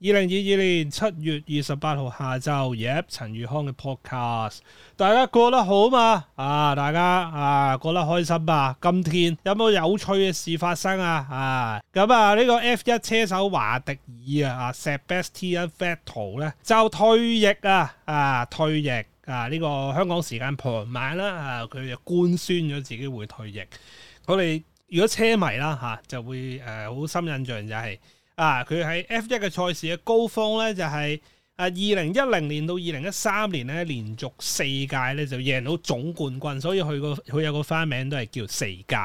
二零二二年七月二十八號下晝，廿一陳宇康嘅 Podcast，大家過得好嘛？啊，大家啊，過得開心嘛？今天有冇有，有趣嘅事發生啊？啊，咁啊，呢、這個 F 一車手華迪爾啊，啊 Sebastian Vettel 咧就退役啊，啊，退役啊，呢、這個香港時間傍晚啦，啊，佢就官宣咗自己會退役。我哋如果車迷啦吓、啊，就會誒好、啊、深印象就係、是。啊！佢喺 F 一嘅賽事嘅高峰咧，就係啊二零一零年到二零一三年咧，連續四屆咧就贏到總冠軍，所以佢個佢有個花名都係叫四屆。誒、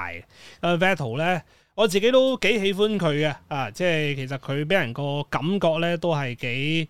啊、Vettel 咧，我自己都幾喜歡佢嘅啊！即係其實佢俾人個感覺咧，都係幾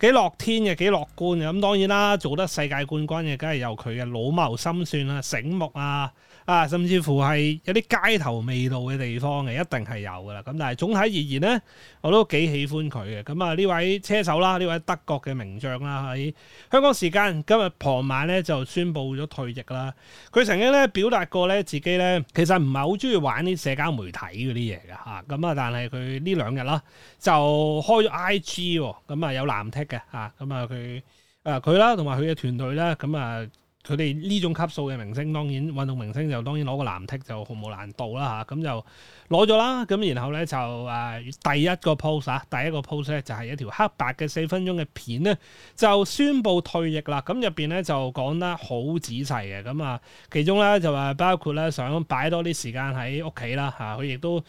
幾樂天嘅，幾樂觀嘅。咁、嗯、當然啦，做得世界冠軍嘅梗係由佢嘅老謀深算啦、啊、醒目啊！啊，甚至乎係有啲街頭味道嘅地方嘅，一定係有噶啦。咁但係總體而言呢，我都幾喜歡佢嘅。咁啊，呢位車手啦，呢位德國嘅名將啦，喺香港時間今日傍晚呢，就宣布咗退役啦。佢曾經呢，表達過呢自己呢，其實唔係好中意玩啲社交媒體嗰啲嘢嘅嚇。咁啊，但係佢呢兩日啦就開咗 IG 喎、啊，咁啊有藍剔嘅嚇。咁啊佢啊佢啦同埋佢嘅團隊啦，咁啊。佢哋呢種級數嘅明星，當然運動明星就當然攞個藍剔就毫無難度啦嚇，咁、啊、就攞咗啦。咁然後咧就誒、啊、第一個 post、啊、第一個 post 咧就係一條黑白嘅四分鐘嘅片咧，就宣布退役啦。咁入邊咧就講得好仔細嘅，咁啊其中咧就話包括咧想擺多啲時間喺屋企啦嚇，佢、啊、亦都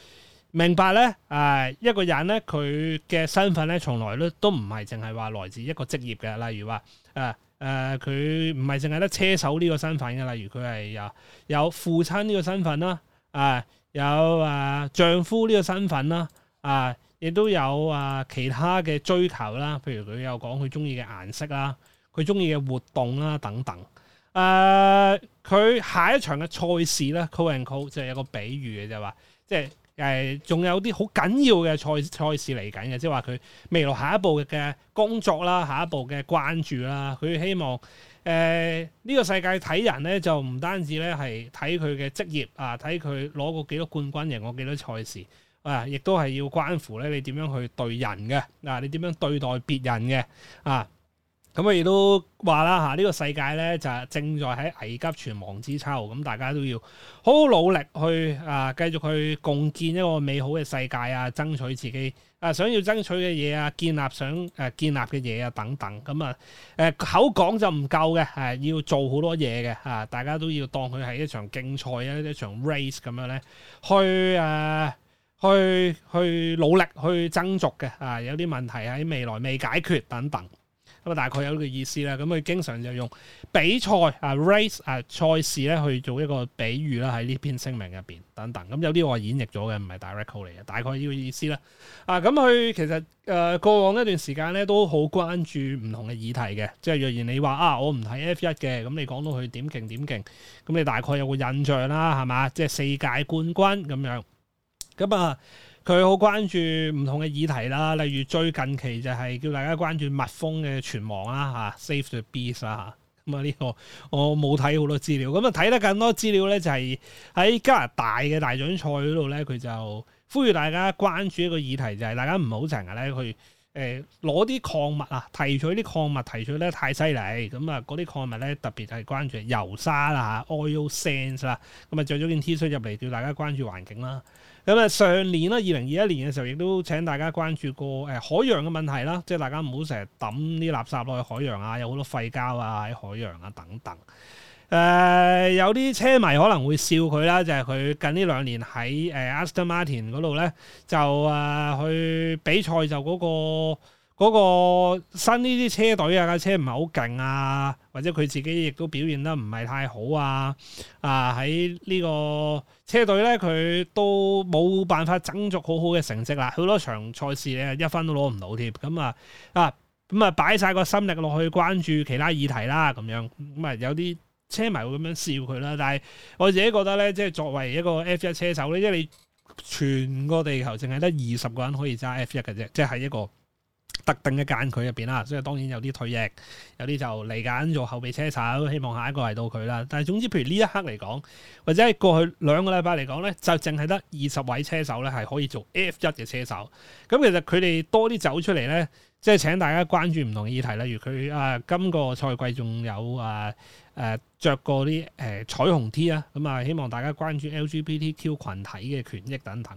明白咧誒、啊、一個人咧佢嘅身份咧從來都都唔係淨係話來自一個職業嘅，例如話誒。啊誒佢唔係淨係得車手呢個身份嘅，例如佢係有有父親呢個身份啦，啊、呃、有啊、呃、丈夫呢個身份啦，啊、呃、亦都有啊、呃、其他嘅追求啦，譬如佢有講佢中意嘅顏色啦，佢中意嘅活動啦等等。誒、呃、佢下一場嘅賽事咧，Co and Co 就係有個比喻嘅就係，話即係。誒，仲有啲好緊要嘅賽賽事嚟緊嘅，即係話佢未來下一步嘅工作啦，下一步嘅關注啦，佢希望誒呢、呃這個世界睇人咧，就唔單止咧係睇佢嘅職業啊，睇佢攞過幾多冠軍、贏過幾多賽事啊，亦都係要關乎咧你點樣去對人嘅嗱、啊，你點樣對待別人嘅啊？咁我亦都話啦嚇，呢、這個世界咧就正在喺危急存亡之秋，咁大家都要好，好努力去啊，繼續去共建一個美好嘅世界啊，爭取自己啊想要爭取嘅嘢啊，建立想誒建立嘅嘢啊等等。咁啊誒口講就唔夠嘅，係、啊、要做好多嘢嘅啊！大家都要當佢係一場競賽啊，一場 race 咁樣咧，去誒、啊、去去努力去爭逐嘅啊！有啲問題喺未來未解決等等。咁啊，大概有呢個意思啦。咁佢經常就用比賽啊、race 啊、賽事咧去做一個比喻啦，喺呢篇聲明入邊等等。咁有啲我演繹咗嘅，唔係 direct 嚟嘅，大概呢個意思啦。啊，咁佢其實誒、呃、過往一段時間咧都好關注唔同嘅議題嘅，即係若然你話啊，我唔睇 F 一嘅，咁你講到佢點勁點勁，咁你大概有個印象啦，係嘛？即係世界冠軍咁樣。咁啊。佢好關注唔同嘅議題啦，例如最近期就係叫大家關注蜜蜂嘅存亡啦嚇、啊、save the bees 啦、啊、嚇。咁啊呢、這個我冇睇好多資料，咁啊睇得更多資料咧就係、是、喺加拿大嘅大獎賽嗰度咧，佢就呼籲大家關注一個議題，就係、是、大家唔好成日咧去，誒攞啲礦物啊，提取啲礦物提取咧太犀利，咁啊嗰啲礦物咧特別係關注油砂啦，oil sands 啦，咁啊著咗件 T 恤入嚟叫大家關注環境啦。咁、嗯、啊上年啦，二零二一年嘅時候亦都請大家關注過誒、呃、海洋嘅問題啦，即係大家唔好成日抌啲垃圾落去海洋啊，有好多廢膠啊喺海洋啊等等。誒、呃、有啲車迷可能會笑佢啦，就係、係、佢近呢兩年喺 Aston 誒阿斯頓馬田嗰度咧，就誒去、呃、比賽就嗰、嗰個嗰個新呢啲車隊啊，架車唔係好勁啊，或者佢自己亦都表現得唔係太好啊，啊喺呢個車隊咧，佢都冇辦法整足好好嘅成績啦，好多場賽事咧一分都攞唔到添，咁啊啊咁啊擺晒個心力落去關注其他議題啦，咁樣咁啊、嗯、有啲。車迷會咁樣笑佢啦，但係我自己覺得咧，即係作為一個 F 一車手咧，即係你全個地球淨係得二十個人可以揸 F 一嘅啫，即係喺一個特定嘅間佢間距入邊啦。所以當然有啲退役，有啲就嚟緊做後備車手，希望下一個嚟到佢啦。但係總之，譬如呢一刻嚟講，或者係過去兩個禮拜嚟講咧，就淨係得二十位車手咧係可以做 F 一嘅車手。咁其實佢哋多啲走出嚟咧，即係請大家關注唔同嘅議題，例如佢啊，今個賽季仲有啊。誒著、啊、過啲誒、呃、彩虹 T 啊，咁啊希望大家關注 LGBTQ 群體嘅權益等等。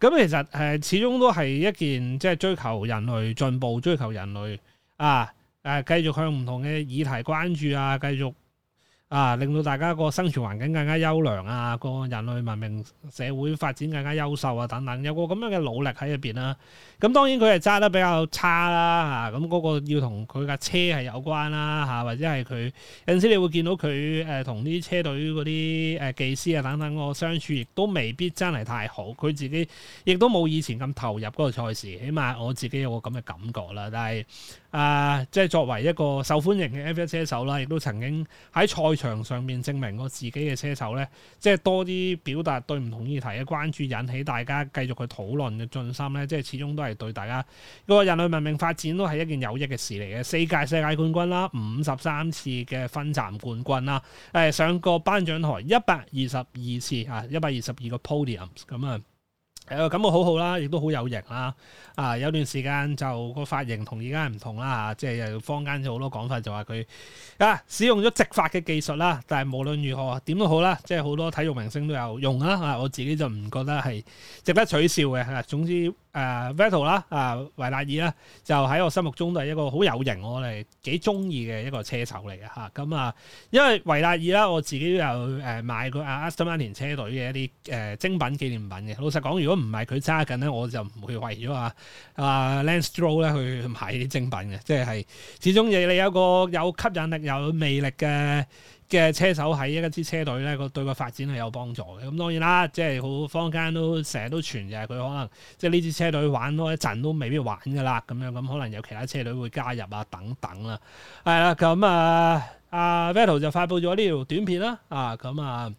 咁、嗯、其實誒、呃、始終都係一件即係追求人類進步、追求人類啊誒繼、啊、續向唔同嘅議題關注啊，繼續。啊！令到大家個生存環境更加優良啊，個人類文明社會發展更加優秀啊，等等有個咁樣嘅努力喺入邊啦。咁、啊、當然佢係揸得比較差啦嚇，咁、啊、嗰、嗰個要同佢架車係有關啦嚇、啊，或者係佢有陣時你會見到佢誒同啲車隊嗰啲誒技師啊等等嗰、嗰個相處，亦都未必真係太好。佢自己亦都冇以前咁投入嗰個賽事，起碼我自己有個咁嘅感覺啦。但係，啊，即係作為一個受歡迎嘅 F1 車手啦，亦都曾經喺賽場上面證明過自己嘅車手咧，即係多啲表達對唔同議題嘅關注，引起大家繼續去討論嘅進心咧，即係始終都係對大家個人類文明發展都係一件有益嘅事嚟嘅。四屆世界冠軍啦，五十三次嘅分站冠軍啦，誒上過頒獎台一百二十二次啊，一百二十二個 podium 咁啊！誒感覺好好啦，亦都好有型啦！啊，有段時間就個髮型同而家唔同啦，即係又坊間就好多講法，就話佢啊使用咗植髮嘅技術啦。但係無論如何，點都好啦，即係好多體育明星都有用啦。啊，我自己就唔覺得係值得取笑嘅。總之。誒 Vettel 啦，el, 啊維納爾啦，就喺我心目中都係一個好有型我哋幾中意嘅一個車手嚟嘅嚇。咁啊，因為維納爾啦，我自己都有買過啊 Aston Martin 車隊嘅一啲誒、啊、精品紀念品嘅，老實、yeah. 一講，如果唔係佢揸緊咧，我就唔會為咗啊啊 Lance Stroll 咧去買啲精品嘅，即係始終你你有個有吸引力有魅力嘅。嘅車手喺一支車隊咧，個對個發展係有幫助嘅。咁當然啦，即係好坊間都成日都傳，嘅，佢可能即係呢支車隊玩多一陣都未必玩噶啦。咁樣咁可能有其他車隊會加入啊，等等啦。係啦，咁啊，阿、啊啊、Vettel 就發布咗呢條短片啦、啊。啊，咁啊，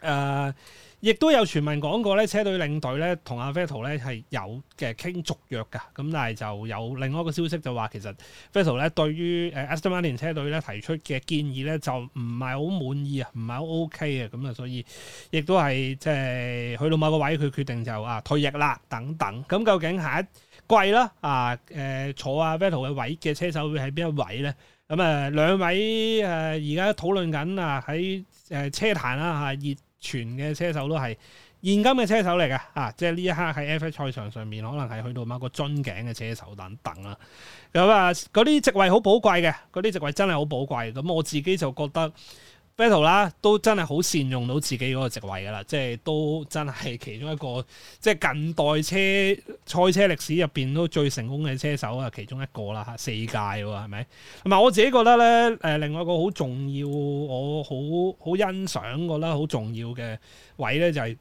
誒、啊。亦都有傳聞講過咧，車隊領隊咧同阿 v e t t e l o 咧係有嘅傾續約噶，咁但係就有另外一個消息就話，其實 v e t t e l o 咧對於誒 Astana 聯車隊咧提出嘅建議咧就唔係好滿意啊，唔係好 OK 啊，咁啊，所以亦都係即係去到某個位，佢決定就啊退役啦等等。咁究竟下一季啦啊誒坐阿 v e t t e l 嘅位嘅車手會喺邊一位咧？咁啊兩位誒而家討論緊啊喺誒車壇啦嚇、啊、熱。全嘅車手都係現今嘅車手嚟嘅，啊，即係呢一刻喺 F1 賽場上面，可能係去到某個樽頸嘅車手等等啦。咁啊，嗰啲席位好寶貴嘅，嗰啲席位真係好寶貴。咁我自己就覺得。Vettel 啦，都真係好善用到自己嗰個席位噶啦，即係都真係其中一個，即係近代車賽車歷史入邊都最成功嘅車手啊，其中一個啦，四屆喎，係咪？同埋我自己覺得咧，誒，另外一個好重要，我好好欣賞個啦，好重要嘅位咧，就是，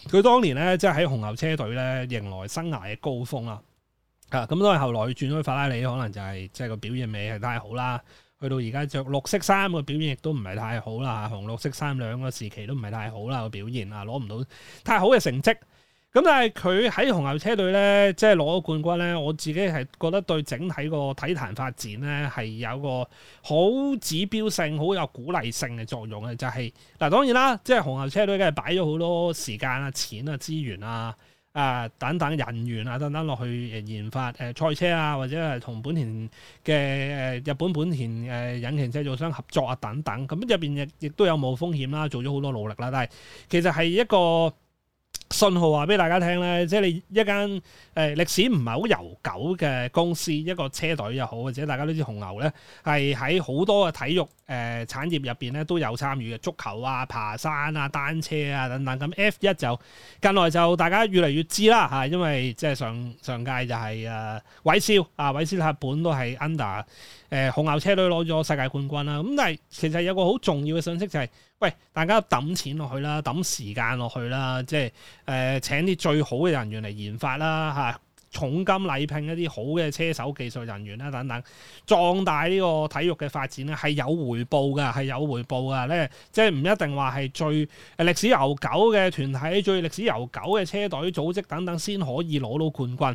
就係佢當年咧，即係喺紅牛車隊咧迎來生涯嘅高峰啦。啊，咁都係後來轉咗去法拉利，可能就係，是，即係個表現未係太好啦。去到而家着綠色衫個表現亦都唔係太好啦，紅綠色衫兩個時期都唔係太好啦，個表現啊，攞唔到太好嘅成績。咁但係佢喺紅牛車隊呢，即係攞咗冠軍呢，我自己係覺得對整體個體壇發展呢係有個好指標性、好有鼓勵性嘅作用嘅，就係、是、嗱當然啦，即係紅牛車隊梗係擺咗好多時間啊、錢啊、資源啊。啊，等等人員啊，等等落去誒研發誒、呃、賽車啊，或者係同本田嘅誒、呃、日本本田誒引擎製造商合作啊，等等咁入邊亦亦都有冒風險啦，做咗好多努力啦，但係其實係一個信號話俾大家聽呢，即係你一間誒歷史唔係好悠久嘅公司，一個車隊又好，或者大家都知紅牛呢係喺好多嘅體育誒、呃、產業入邊呢都有參與嘅足球啊、爬山啊、單車啊等等。咁 F1 就近來就大家越嚟越知啦，吓、啊，因為即係上上屆就係誒韋少啊韋斯塔本都係 under、呃、紅牛車隊攞咗世界冠軍啦。咁、啊、但係其實有個好重要嘅信息就係、是。喂，大家抌錢落去啦，抌時間落去啦，即係誒、呃、請啲最好嘅人員嚟研發啦，嚇、啊、重金禮聘一啲好嘅車手、技術人員啦，等等，壯大呢個體育嘅發展咧，係有回報嘅，係有回報嘅咧，即係唔一定話係最歷史悠久嘅團體、最歷史悠久嘅車隊組織等等先可以攞到冠軍。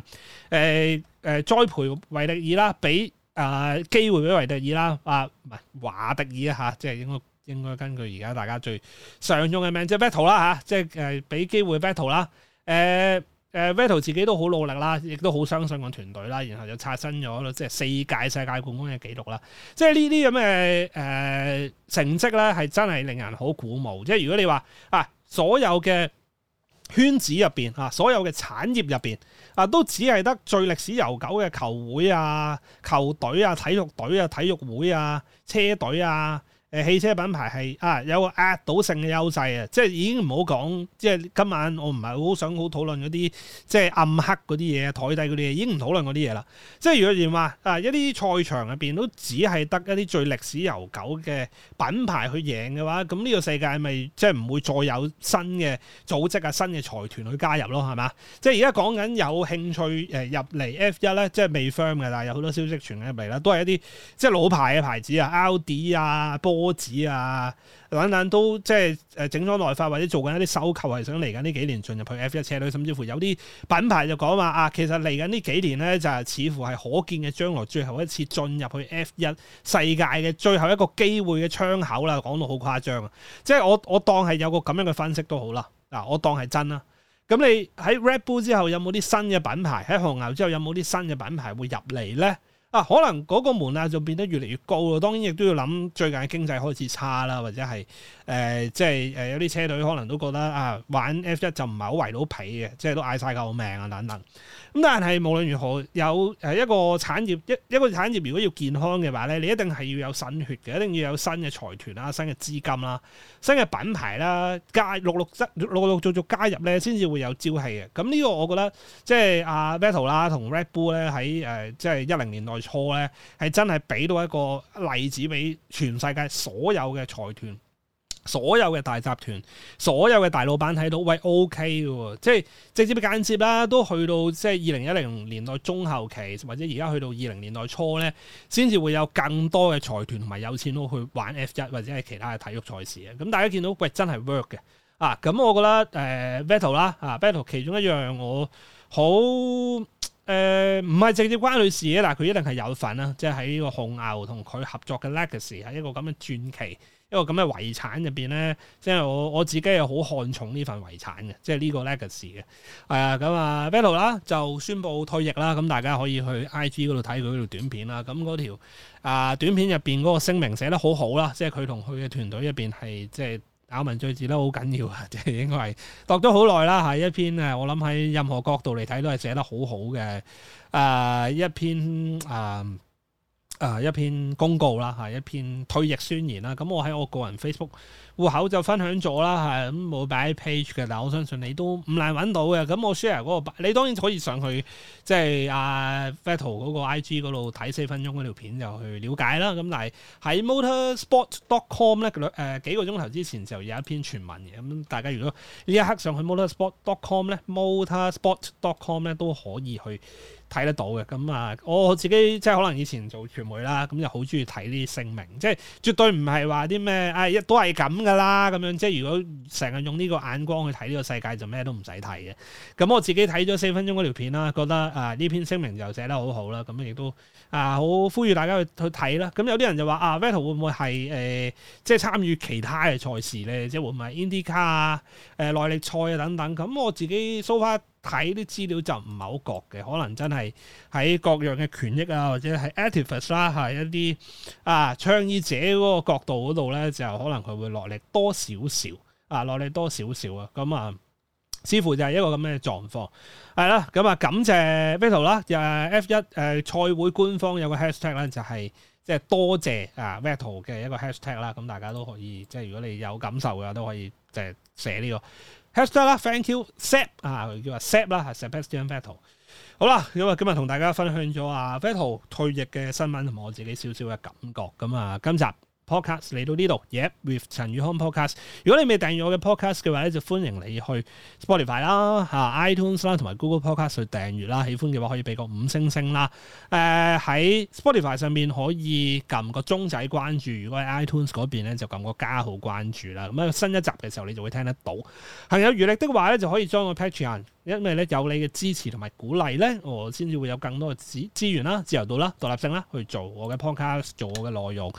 誒、呃、誒，栽培維特爾啦，俾誒、呃、機會俾維特爾啦，啊唔係華特爾啊嚇，即係應該。應該根據而家大家最常用嘅名，就是，即係 Vettel 啦嚇，即係俾機會 Vettel 啦，誒誒 Vettel 自己都好努力啦，亦都好相信個團隊啦，然後就刷新咗即係四屆世界冠軍嘅紀錄啦，即係呢啲咁嘅誒成績咧，係真係令人好鼓舞。即係如果你話啊，所有嘅圈子入邊啊，所有嘅產業入邊啊，都只係得最歷史悠久嘅球會啊、球隊啊、體育隊啊、體育會啊、車隊啊。誒汽車品牌係啊有個壓倒性嘅優勢啊，即係已經唔好講，即係今晚我唔係好想好討論嗰啲即係暗黑嗰啲嘢啊、台底嗰啲嘢，已經唔討論嗰啲嘢啦。即係如果話啊一啲賽場入邊都只係得一啲最歷史悠久嘅品牌去贏嘅話，咁呢個世界咪即係唔會再有新嘅組織啊、新嘅財團去加入咯，係嘛？即係而家講緊有興趣誒入嚟 F 一咧，即係未 firm 嘅，但有好多消息傳入嚟啦，都係一啲即係老牌嘅牌子啊，Audi 啊，波子啊，等等都即係誒、呃，整咗內發或者做緊一啲收購，係想嚟緊呢幾年進入去 F 一車隊，甚至乎有啲品牌就講話啊，其實嚟緊呢幾年咧，就似乎係可見嘅將來最後一次進入去 F 一世界嘅最後一個機會嘅窗口啦，講到好誇張啊！即係我我當係有個咁樣嘅分析都好啦，嗱我當係真啦。咁你喺 Red Bull 之後有冇啲新嘅品牌？喺紅牛之後有冇啲新嘅品牌會入嚟咧？啊，可能嗰個門啊就變得越嚟越高咯。當然亦都要諗最近經濟開始差啦，或者係誒即係誒有啲車隊可能都覺得啊玩 F 一就唔係好圍到皮嘅，即係都嗌晒救命啊等等。咁但係無論如何，有誒一個產業一一個產業如果要健康嘅話咧，你一定係要有新血嘅，一定要有新嘅財團啦、新嘅資金啦、新嘅品牌啦，加陸陸陸陸陸續續加入咧，先至會有朝氣嘅。咁呢個我覺得即係阿 Vettel 啦同 Red Bull 咧喺誒即係一零年代初咧，係真係俾到一個例子俾全世界所有嘅財團、所有嘅大集團、所有嘅大老闆睇到，喂，O K 嘅，即係直接間接啦，都去到即係二零一零年代中後期，或者而家去到二零年代初咧，先至會有更多嘅財團同埋有錢佬去玩 F1 或者係其他嘅體育賽事嘅。咁大家見到喂真係 work 嘅啊，咁我覺得誒、呃、Vettel 啦啊 Vettel，其中一樣我好。誒，唔係、呃、直接關佢事嘅，但係佢一定係有份啦，即係喺呢個紅牛同佢合作嘅 legacy 係一個咁嘅傳奇，一個咁嘅遺產入邊咧，即、就、係、是、我我自己又好看重呢份遺產嘅，即係呢個 legacy 嘅，係啊，咁啊，Vettel 啦就宣布退役啦，咁大家可以去 IG 嗰度睇佢條短片啦，咁嗰條啊短片入邊嗰個聲明寫得好好啦，即係佢同佢嘅團隊入邊係即係。就是咬文嚼字咧好緊要啊，即係應該係讀咗好耐啦，係一篇誒，我諗喺任何角度嚟睇都係寫得好好嘅，誒、呃、一篇誒誒、呃呃、一篇公告啦，嚇一篇退役宣言啦，咁我喺我個人 Facebook 戶口就分享咗啦，係咁冇擺喺 page 嘅，但我相信你都唔難揾到嘅。咁我 share 嗰、那個，你當然可以上去即係阿 Vettel 嗰個 IG 嗰度睇四分鐘嗰條片就去了解啦。咁但係喺 Motorsport.com 咧，誒幾個鐘頭之前就有一篇傳聞嘅。咁大家如果呢一刻上去 Motorsport.com 咧，Motorsport.com 咧都可以去睇得到嘅。咁啊，我自己即係可能以前做傳媒啦，咁就好中意睇呢啲聲明，即係絕對唔係話啲咩，誒、哎、都係咁。噶啦咁樣，即係如果成日用呢個眼光去睇呢個世界，就咩都唔使睇嘅。咁我自己睇咗四分鐘嗰條片啦，覺得啊呢、呃、篇聲明就寫得好好啦。咁亦都啊好、呃、呼籲大家去去睇啦。咁有啲人就話啊，Vettel 會唔會係誒、呃、即係參與其他嘅賽事咧？即係會唔會係 IndyCar 啊、誒耐力賽啊等等。咁我自己搜翻。睇啲資料就唔係好覺嘅，可能真係喺各樣嘅權益啊，或者係 activist 啦，係一啲啊倡議者嗰個角度嗰度咧，就可能佢會落力多少少啊，落力多少少啊，咁啊，似乎就係一個咁嘅狀況，係、啊、啦，咁啊感謝 Vettel 啦、啊，誒 F 一誒、啊、賽會官方有個 hashtag 咧，就係即係多謝啊 Vettel 嘅一個 hashtag 啦，咁、啊啊、大家都可以即係如果你有感受嘅話，都可以即係寫呢、這個。Hester 好啦，thank you，set 啊，佢叫啊 set 啦 set best team battle 好啦，因為今日同大家分享咗啊 Vettel 退役嘅新聞同埋我自己少少嘅感覺咁啊，今集。podcast 嚟到呢度，yeah，yep with 陳宇康 podcast。如果你未訂閱我嘅 podcast 嘅話咧，就歡迎你去 Spotify 啦、啊、嚇 iTunes 啦、啊，同埋 Google Podcast 去訂閱啦。喜歡嘅話，可以俾個五星星啦。誒、啊、喺 Spotify 上面可以撳個鐘仔關注，如果喺 iTunes 嗰邊咧就撳個加號關注啦。咁樣新一集嘅時候你就會聽得到。行有餘力的話咧，就可以將個 Patreon。因為咧，有你嘅支持同埋鼓勵呢，我先至會有更多嘅資資源啦、自由度啦、獨立性啦，去做我嘅 Podcast、做我嘅內容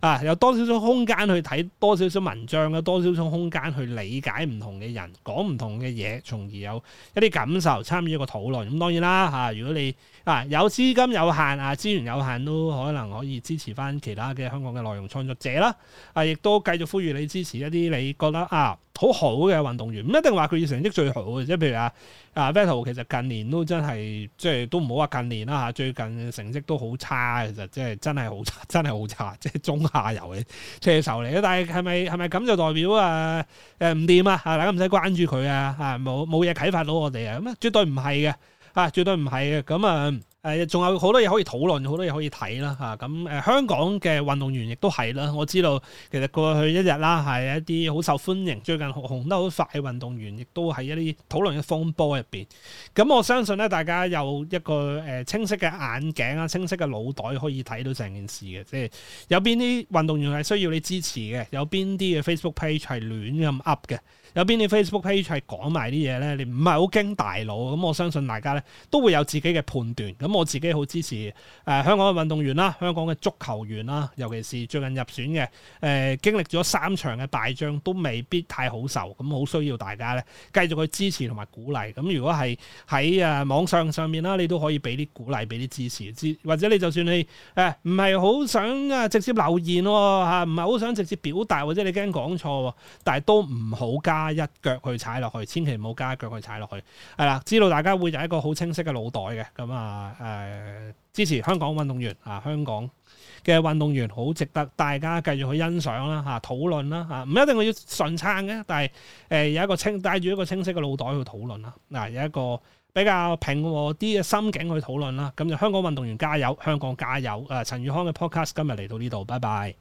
啊，有多少少空間去睇多少少文章，有多少少空間去理解唔同嘅人講唔同嘅嘢，從而有一啲感受，參與一個討論。咁當然啦嚇、啊，如果你。啊！有資金有限啊，資源有限都可能可以支持翻其他嘅香港嘅內容創作者啦。啊，亦都繼續呼籲你支持一啲你覺得啊好好嘅運動員，唔一定話佢嘅成績最好嘅，即係譬如啊啊 Vettel 其實近年都真係即係都唔好話近年啦嚇、啊，最近成績都好差其實即係真係好差，真係好差，即係中下游嘅車手嚟嘅。但係係咪係咪咁就代表啊誒唔掂啊？嚇、啊啊、大家唔使關注佢啊嚇，冇冇嘢啟發到我哋啊咁啊，絕對唔係嘅。啊，絕對唔係嘅，咁啊～誒仲有好多嘢可以討論，好多嘢可以睇啦嚇。咁、啊、誒、啊、香港嘅運動員亦都係啦。我知道其實過去一日啦，係一啲好受歡迎、最近紅得好快嘅運動員，亦都喺一啲討論嘅風波入邊。咁我相信咧，大家有一個誒清晰嘅眼鏡啊、清晰嘅腦袋，可以睇到成件事嘅。即、就、係、是、有邊啲運動員係需要你支持嘅，有邊啲嘅 Facebook page 係亂咁 up 嘅，有邊啲 Facebook page 係講埋啲嘢咧？你唔係好經大腦，咁我相信大家咧都會有自己嘅判斷。咁我自己好支持誒、呃、香港嘅運動員啦，香港嘅足球員啦，尤其是最近入選嘅誒、呃，經歷咗三場嘅敗仗都未必太好受，咁好需要大家咧繼續去支持同埋鼓勵。咁如果係喺誒網上上面啦，你都可以俾啲鼓勵，俾啲支持。之或者你就算你誒唔係好想啊直接留言喎，嚇唔係好想直接表達，或者你驚講錯，但係都唔好加一腳去踩落去，千祈唔好加一腳去踩落去。係、啊、啦，知道大家會有一個好清晰嘅腦袋嘅，咁啊～誒、呃、支持香港運動員啊！香港嘅運動員好值得大家繼續去欣賞啦嚇、啊，討論啦嚇，唔、啊、一定我要順撐嘅，但係誒、呃、有一個清帶住一個清晰嘅腦袋去討論啦，嗱、啊、有一個比較平和啲嘅心境去討論啦，咁、啊、就、嗯、香港運動員加油，香港加油！誒、啊、陳宇康嘅 podcast 今日嚟到呢度，拜拜。